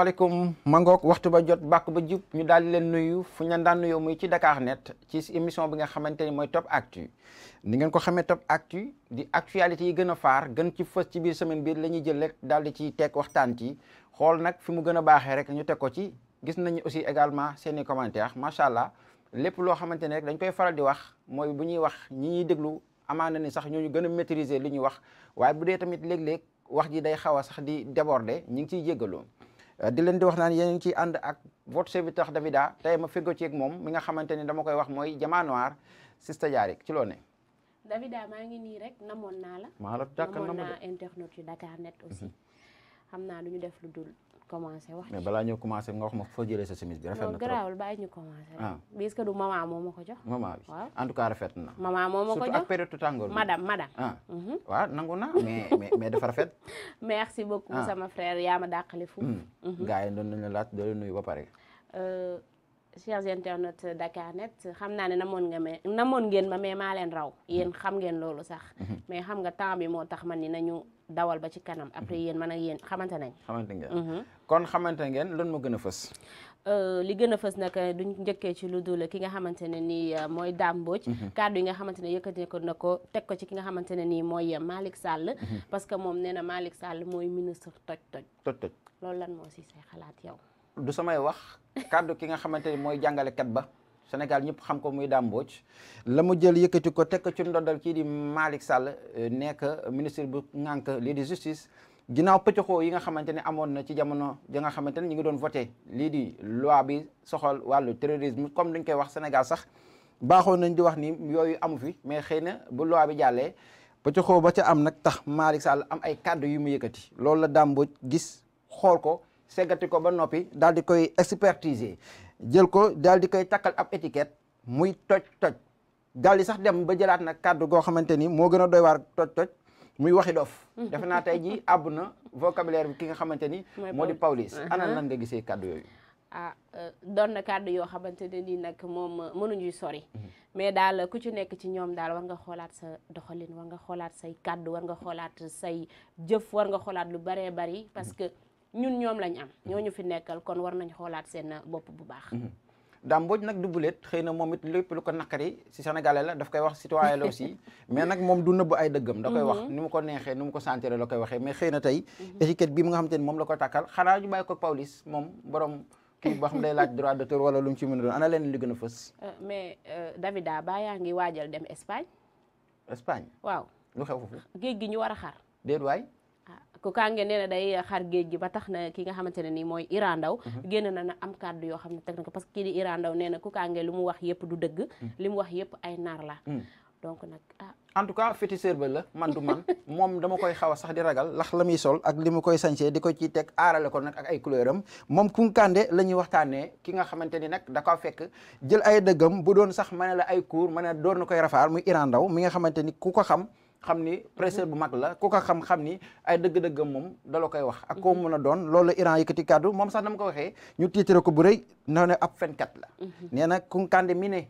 asalaamaaleykum mangook waxtu ba jot bàkk ba jub ñu daal di leen nuyu fu ñu daan nuyoo muy ci Dakar Net ci émission bi nga xamante ni mooy Top Actu ni ngeen ko xamee Top Actu di actualité yi gën a faar gën ci fës ci biir semaine bi la ñuy jël rek daal di ci teg waxtaan ci xool nag fi mu gën a baaxee rek ñu teg ko ci gis nañu aussi également seen i commentaires macha allah lépp loo xamante ne rek dañ koy faral di wax mooy bu ñuy wax ñi ñuy déglu amaana ni sax ñooñu gën a maîtriser li ñuy wax waaye bu dee tamit léeg-léeg wax ji day xaw a sax di déborder ñu ngi ciy jéggaloo di leen di wax naan yéen ngi ciy ànd ak votre serviteur Davida tey ma fego ci ak moom mi nga xamante ni dama koy wax mooy Diama Noir Sista Diarik ci loo ne. Davida maa ngi nii rek namoon naa la. maa la tàkkal namoon naa internet yu Dakar net aussi. Mhm. xam naa lu ñu def lu dul. commencé wax. mais balaa ñoo ma foo jëlee sa chemise bi. rafet na trop garaawul bàyyi ñu commencé. ah bi est-ce que ma ko jox. maman tout cas rafet na. maman moo ma ko jox surtout ak période tàngoor bi madame ah. mhm. dafa rafet. merci beaucoup ah. sama frère yaa ma dàqale fu. Hmm. Mhm. gars yi doon nañu la laaj doo leen ba pare. Euh, chers internautes Dakar Net xam naa ne na namoon nga na moon ngeen ma mais maa leen raw. yéen hmm. xam ngeen loolu sax. Hmm. mais xam nga temps moo tax man ni nañu. dawal ba ci kanam mhm. après yéen man ak yéen xamante nañ xamante ngeen mhm. kon xamante ngeen lan moo gën a fës euh, li gën a fës nag euh, duñ njëkkee ci lu dul ki nga xamante ne nii euh, mooy Dame Mbodj mhm. kàddu yi nga xamante ne yëkkati ko na ko teg ko ci ki nga xamante ne nii mooy Malick Sall parce que moom nee na Malick Sall mooy ministre toj toj toj toj loolu lan moo si say xalaat yow du samay wax kàddu ki nga xamante ne mooy jàngalekat ba Sénégal ñëpp xam ko muy Dame Mbodj la mu jël yëkkati ko teg ko ci ndoddal kii di Malick Sall euh, nekk ministre bu ŋànk lii di justice ginnaaw pëccëxoo yi nga xamante ne amoon na ci jamono ja nga xamante ne ñu ngi doon voté lii di loi bi soxal wàllu terrorisme comme dañ koy wax Sénégal sax baaxoon nañ di wax ni yooyu amu fi mais xëy na bu loi bi jàllee pëccëxoo ba ca am nag tax Malick Sall am ay kàddu yu mu yëkkati loolu la Dame gis xool ko seggati ko ba noppi daal di koy expertiser jël ko daal di koy takkal ab étiquette muy toj toj daal di sax dem ba jëlaat na kàddu goo xamante ni moo gën a doy waar toj toj muy waxi dof defe naa tey ji àbb na vocabulaire bi ki nga xamante ni moo di Pawlish ana lan uh-huh. nga gisee kàddu yooyu ah euh, doon na kàddu yoo xamante ne nii nag moom mënuñuy sori mm-hmm. mais daal ku ci nekk ci ñoom daal war nga xoolaat sa doxalin war nga xoolaat say kàddu war nga xoolaat say jëf war nga xoolaat lu baree bari parce mm-hmm. que ñun ñoom lañ am ñooñu fi nekkal kon war nañ xoolaat seen bopp bu baax mhm. Dame Mbodj nag du bulet xëy na moom it lépp lu ko naqari si sénégalais la daf koy wax citoyen la aussi mais nag moom du nëbb ay dëggam da koy wax mhm. ni mu ko neexee ni mu ko sentir la koy waxee mais xëy na tey mhm. étiquette bi mu nga xamante ni moom la ko tàkkal xanaa ñu bàyyi ko police moom borom kii boo xam day laaj droit d'auteur wala lu mu ci mën a doon a leen li gën a fës euh, mais euh, Davida Ba yaa ngi waajal dem Espagne Espagne waaw lu xew foofu géej gi ñu war a xar déet waay ku kànge nee na day xar géej gi ba tax na ki nga xamante ne nii mooy Iran Ndaw mhm. génn na na am kàddu yoo xam ne teg na ko parce que kii di Iran Ndaw nee na ku kànge lu mu wax yëpp du dëgg mhm. li mu wax yëpp ay naar la mhm. donc nag ah en tout cas féticheur ba la man du moom dama koy xaw a sax di ragal lax la muy sol ak li mu koy sañsee di ko ci teg aarale ko nag ak ay couleur am moom kunkande la ñuy waxtaanee ki nga xamante ni nag da ko fekk jël ay dëggam bu doon sax mën la ay cours mën a doon na koy rafaar muy Iran Ndaw mi nga xamante ni ku ko xam xam ni presseur bu mag la ku ko xam-xam ni ay dëgg-dëggam moom daloo koy wax ak koo mën a doon loolu Iran yëkkati kàddu moom sax na ma ko waxee ñu tiitare ko bu rëy na ne ab fenkat la mhm. nee na kunkande mi ne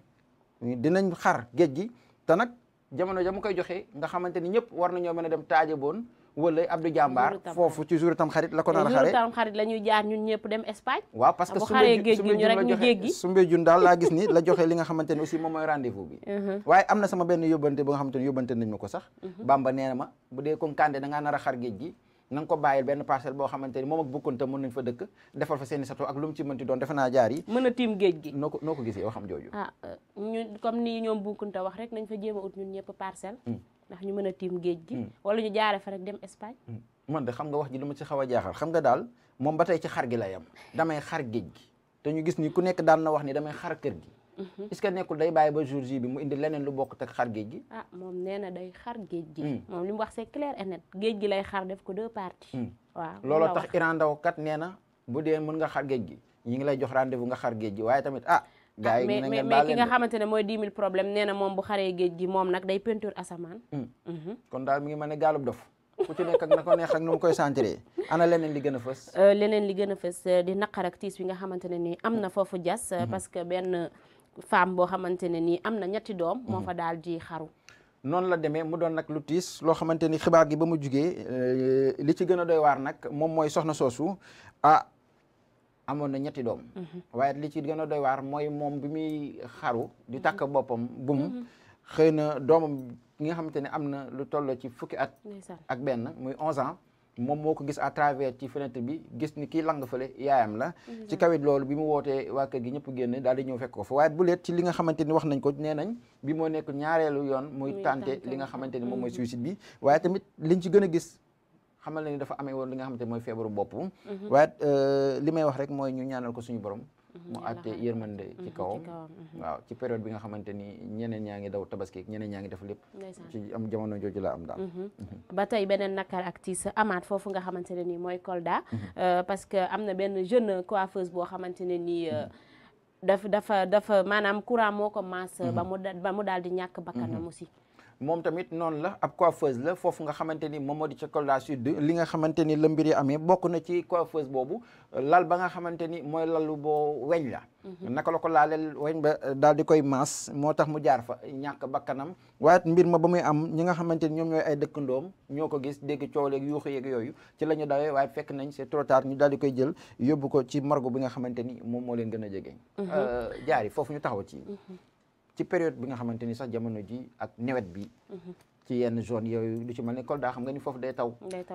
dinañ xar géej gi te nag jamono ja mu koy joxe nga xamante ni ñëpp war nañoo mën a dem taaje boon wala Abdou Jàmbaar foofu ci jour tam xarit la jaar ñun ñëpp dem Espagne waaw parce que bu xaree géej gi ñu rek daal laa gis ni la joxe li nga xamante aussi moom mooy rendez bi uh-huh. waaye am na sama benn yóbbante ba nga xamante ne nañ ma ko sax uh-huh. Bamba nee na ma bu dee comme Kandé da ngaa xar géej gi na ko bàyyil benn parcelle boo xamante moom ak bukkunta mën nañ fa dëkk defal fa seeni sato ak lu mu doon defe ndax ñu mën a tiim géej gi hmm. wala ñu jaare fa rek dem Espagne hmm. man de xam nga wax ji lu ma ci xaw a jaaxal xam nga daal moom ba tey ci xar gi la yam damay xar géej gi te ñu gis ni ku nekk daan na wax ni damay xar kër gi mhm. est-ce que nekkul day bàyyi ba jour bi mu indi leneen lu bokk xar géej gi ah moom nee na day xar géej gi hmm. moom li mu wax c'est clair et net géej gi lay xar def ko deux parties waaw looloo tax Iran Ndao kat nee na bu dee mën nga xar géej gi ñu ngi lay jox rendez-vous nga xar géej gi waaye tamit ah, gars yi ah, mais ki nga xamante ne mooy 10 000 problème nee na moom bu xaree géej gi moom nag day peinture asamaan. Hmm. Mhm. kon daal mi ngi ma ne gaalub dof ku ci nekk ak na ko neex ak nu mu koy sentiree li gën a fës leneen li gën a fës euh, euh, di naqar ak bi nga xamante ne nii am na hmm. foofu jas euh, hmm. parce que benn femme boo xamante ne nii am na ñetti doom moo fa daal di xaru noonu la demee mu doon nag lu tiis loo xamante ni xibaar gi ba mu jugee li ci gën a doy waar nag moom mooy soxna soosu ah amoon na ñetti doom mm-hmm. waaye li ci gën a doy waar mooy moom bi muy xaru di mm-hmm. takk boppam bum mm-hmm. xëy na doomam ki nga xamante ne am na lu tolloo ci fukki at ak benn muy onze ans moom moo ko gis à travers ci fenêtre bi gis ni kii lang fale yaayam la ci kawit loolu bi mu wootee waa kër gi ñëpp génn daal di ñëw fekk ko fa waaye bu leet ci li nga xamante ni wax nañ ko nee nañ bi moo nekk ñaareelu yoon muy tànte li nga xamante ni moom mooy suicide bi waaye tamit liñ ci gën a gis xamal na ni dafa amee woon li nga xamante mooy feebaru bopp mhm. waaye euh, li may wax rek mooy ñu ñaanal ko suñu borom mhm. mu àtte yërmande ci kawam mhm. waaw ci période bi nga xamante ni ñeneen ñaa ngi daw tabaski ñeneen ñaa ngi def lépp ci am jamono jooju la am daal ba tey beneen nakar ak amaat foofu nga xamante ne nii mooy Kolda euh, parce que am na benn jeune coiffeuse boo xamante ne nii euh, daf dafa dafa maanaam courant moo ko maas ba mu ba mu daal di ñàkk bakkanam aussi moom tamit noonu la ab coiffeuse la foofu nga xamante ni moom moo di ca Kolda Sud li nga xamante ni la mbir yi amee bokk na ci coiffeuse boobu lal ba nga xamante ni mooy lalu boo weñ la mhm. naka la ko laaleel weñ ba daal di koy maas moo tax mu jaar fa ñàkk bakkanam waaye mbir ma ba muy am ñi nga xamante ni ñoom ñooy ay dëkkandoom ñoo ko gis dégg coow leeg yuuxu yeeg yooyu ci la ñu dawee waaye fekk nañ c'est trop ñu daal di koy jël yóbbu ko ci margo bi nga xamante ni moom moo leen gën a jege. Mhm. Euh, jaar yi foofu ñu taxaw ci mhm. ci période bi nga xamante ni sax jamono ji ak nawet bi mhm. ci yenn zone yooyu lu ci mel ne Kolda xam nga ni foofu day taw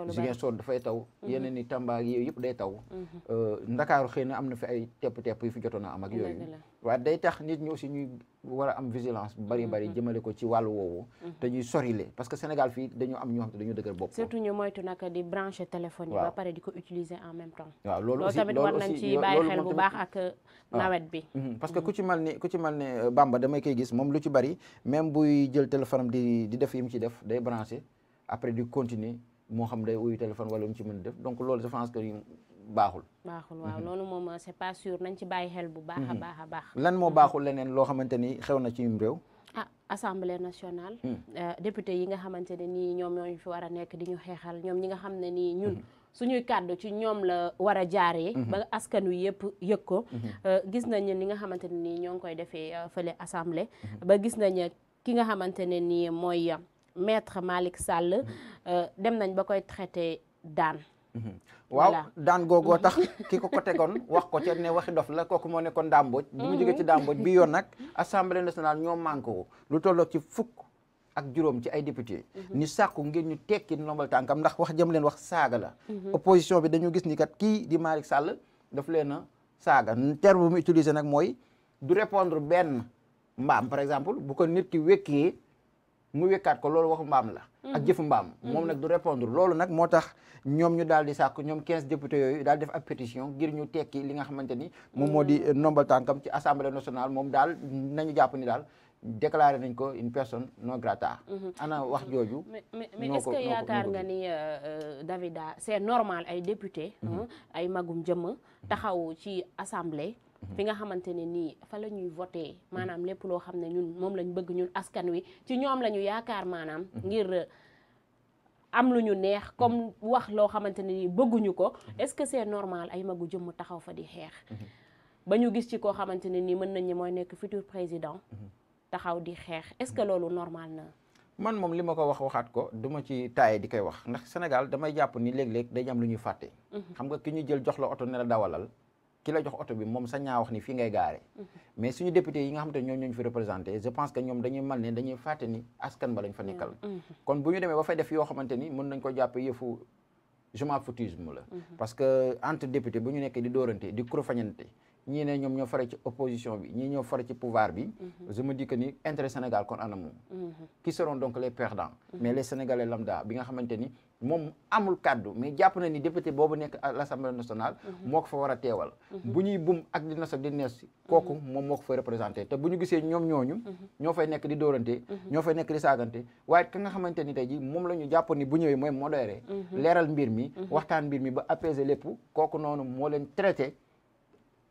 Ziguinchor dafay taw mhm. yeneen ni Tamba ak yooyu yëpp day taw mhm. euh, Ndakaaru xëy na am na fi ay tepp-tepp yu fi jotoon a am ak yooyu waaye day tax nit ñu aussi ñuy war a am vigilance bari bari mhm. jëmale ko ci wàllu woowu mhm. te ñuy sorile parce que Sénégal fii dañoo am ñoo xam te dañoo dëgër bopp surtout ñu moytu nag di brancher téléphone yi ba pare di ko utiliser en même temps waaw loolu aussi tamit war nañ bi mhm, parce que ku ci mel ni ku ci mel ni euh, Bamba damay koy gis moom lu ci bari même buy jël téléphone di di def yi mu ci def day brancher après di continuer moo xam day uyu téléphone wala mu ci mën def donc loolu je pense que baaxul. baaxul waaw mhm. loolu moom euh, c'est pas sûr nañ ci bàyyi xel bu baax a mhm. baax a baax. lan moo baaxul leneen loo xamante ni xew na ci ñum réew. ah assemblée nationale. Hmm. Euh, député yi nga xamante ne nii ñoom ñoo fi war a nekk di xeexal ñoom ñi nga xam ne nii ñun. Mhm. suñuy kàddu ci ñoom la war a jaaree. ba askan wi yëpp yëg ko. Euh, gis nañ ni nga xamante ne nii ñoo ngi koy defee fële assemblée. ba gis nañ ki nga xamante ne nii mooy maitre Malick Sall. dem nañ ba koy traité daan. Mhm. waaw daan googoo mhm. tax ki ko ko tegoon wax ko ci ne waxi dof la kooku moo nekkoon dàmbooj bu mu mhm. jógee ci dàmbooj bi yoon nag assemblée nationale ñoo manqué ko lu tolloo ci fukk ak juróom ci ay député ñu sàkku ngeen ñu tekki ndombal tànkam ndax wax jëm leen wax saaga la opposition bi dañu gis ni kat kii di Malick Sall daf leen a saaga terme bu mu utiliser nag mooy du répondre benn mbaam par exemple bu ko nit ki wekkee mu wekkaat ko loolu waxu mbaam la ak jëfu mbaam moom nag du répondre loolu nag moo tax ñoom ñu daal di sàkk ñoom quinze députés yooyu daal def ab pétition ngir ñu tekki li nga xamante ni moom moo di nombal tànkam ci assemblée nationale moom daal nañu jàpp ni daal déclaré nañ ko une personne non grata mhm. ana wax jooju mais est-ce que yaakaar nga ni euh, Davida c'est normal ay député mhm. ay magum jëmm mhm. taxaw ci assemblée fi nga xamante ne nii fa la ñuy voté maanaam lépp loo xam ne ñun moom lañ bëgg ñun askan wi ci ñoom la ñu yaakaar maanaam ngir euh, am lu ñu neex comme wax loo xamante ne nii bëgguñu ko est-ce que c'est normal ay magu jëmm taxaw fa di xeex mm-hmm. ba ñu gis ci koo xamante ne nii mën nañ ñi mooy nekk futur président mm-hmm. taxaw di xeex est-ce que loolu normal na man moom li ma ko wax waxaat ko duma ci taaye di koy wax ndax Sénégal damay jàpp ni léeg-léeg dañu am lu ñuy fàtte mm-hmm. xam nga ki ñu jël jox la oto ne la dawalal ki la jox oto bi moom sañ naa wax ni fii ngay gaare mhm. mais suñu député yi nga xam te ñoom ñooñu fi représenté je pense que ñoom dañuy mal ne dañuy fàtte askan ba fa nekkal mhm. Mhm. kon bu ñu demee ba fay def yoo xamante ni mën nañ ko yëfu je foutisme la parce que entre député bu ñu nekk di dóorante di kurofañante ñii ne ñoom ñoo fare ci opposition bi ñii ñoo fare ci pouvoir bi mhm. je me dis que ni intérêt Sénégal kon ana moom mhm. qui seront donc les perdants mhm. mais les Sénégalais lambda bi nga xamante moom amul kàddu mais jàpp na ni député boobu nekk à l'Assemblée nationale moo ko fa war a teewal bu ñuy bum ak di nasab di nees kooku moom moo ko fa représenté te bu ñu gisee ñoom ñooñu ñoo fay nekk di dóorante ñoo fay nekk di saagante waaye ka nga xamante ni tey ji moom la ñu jàpp ni bu ñëwee mooy modéré leeral mbir mi waxtaan mbir mi ba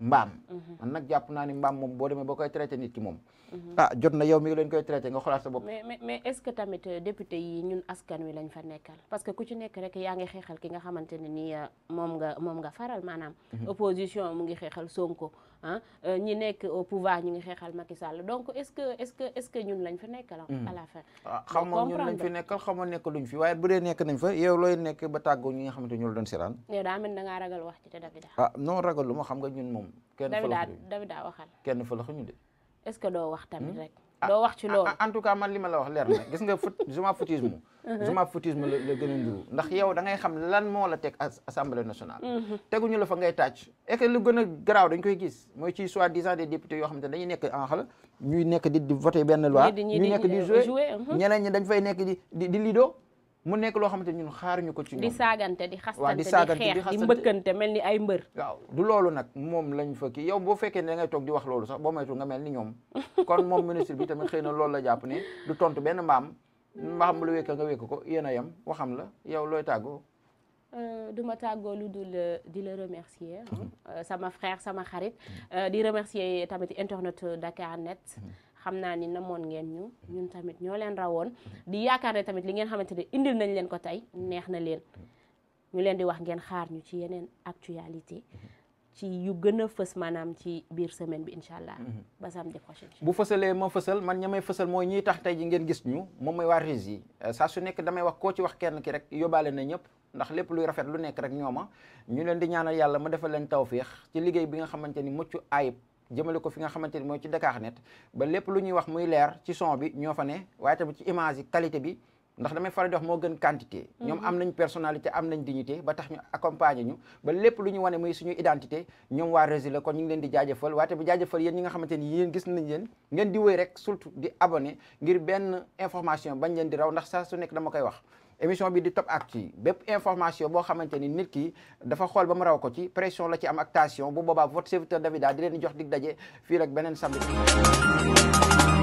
mbaam mhm. man nag jàpp naa ni mbaam moom boo demee boo koy traité nit ki moom mhm. ah jot na yow mi leen koy traité nga xoolaat sa bopp mais mais est-ce que tamit euh, député yi ñun askan wi lañ fa nekkal parce ku ci nekk yaa ngi xeexal ki xamante ne nii euh, moom nga moom nga faral maanaam mhm. opposition mu ngi xeexal Sonko ah euh, ñi nekk au pouvoir xeexal Macky Sall donc est-ce que est-ce que est-ce que ñun lañ la fin ah, xam nga fi waaye bu nekk nañ fa yow looy nekk ba tàggoo nga xamante ñu la doon siraan yow daa mel da ngaa ragal wax ah, xam nga ñun moom kenn Davida Davida waxal. kenn fa la ñu de. est-ce que doo wax tamit hmm? rek. Ah, doo wax ci ah, loolu ah, man li ma la wax leer na gis nga foot juma footisme. Uh-huh. la gën a nduru ndax yow da ngay xam lan moo la teg assemblée nationale. Uh-huh. teguñu la fa ngay tàcc. et que lu gën a garaaw dañ koy gis mooy ci soi-disant des députés yoo xam te dañuy nekk en xel ñuy nekk di di benn loi. ñuy nekk di jouer uh-huh. ñeneen ñi dañ fay nekk di di lido. mu nekk loo xamante ñun ñu ko ci ñoom. di saagante di xastante di xeex di mbëkkante mel ni ay mbër. waaw du loolu nag moom lañ fa kii yow boo fekkee ne ngay toog di wax loolu sax boo moytu nga mel ni ñoom kon moom ministre bi tamit xëy na loolu la jàpp ne du tontu benn mbaam mbaam lu wékk nga wékk ko yéen a yem waxam la yow looy tàggoo. Euh, du ma tàggoo lu dul euh, di la remercier mm-hmm. euh, sama frère sama xarit di remercier tamit internet Dakar Net. Mm-hmm. xam naa ni moon ngeen ñu ñun tamit ñoo leen rawoon di yaakaar ne tamit li ngeen xamante ne indil nañ leen ko tey neex na leen ñu leen di wax ngeen xaar ñu ci yeneen actualité ci yu gën a fës maanaam ci biir semaine bi incha allah. Mhm. ba samedi prochain bu fësalee ma fësal man ñamay fësal mooy ñiy tax tey ji ngeen gis ñu moom mooy waa RIS yi euh, saa su nekk damay wax koo ci wax kenn ki rek yóbbaale na ñëpp ndax lépp luy rafet lu nekk rek ñooma ñu leen di ñaanal yàlla ma defal leen tawféex ci liggéey bi nga xamante ni mucc ayib jëmale ko fi nga xamante ne mooy ci Dakar net ba lépp lu ñuy wax muy leer ci son bi ñoo fa ne waaye tamit ci image yi qualité bi ndax damay faral di wax moo gën quantité. ñoom mm-hmm. am nañ personnalité am nañ dignité ba tax ñu accompagner ñu ba lépp lu ñu wane muy suñu identité ñoom waa Résil la kon ñu ngi leen di jaajëfal waaye tamit jaajëfal yéen ñi nga xamante ni gis nañ leen ngeen di wéy rek surtout di abonné ngir benn information bañ leen di raw ndax saa su nekk dama koy wax. émission bi di top actu yi bépp information boo xamante ni nit ki dafa xool ba mu raw ko ci pression la ci am actation tension bu boobaa votre serviteur Davida di leen jox dig daje fii rek beneen samedi.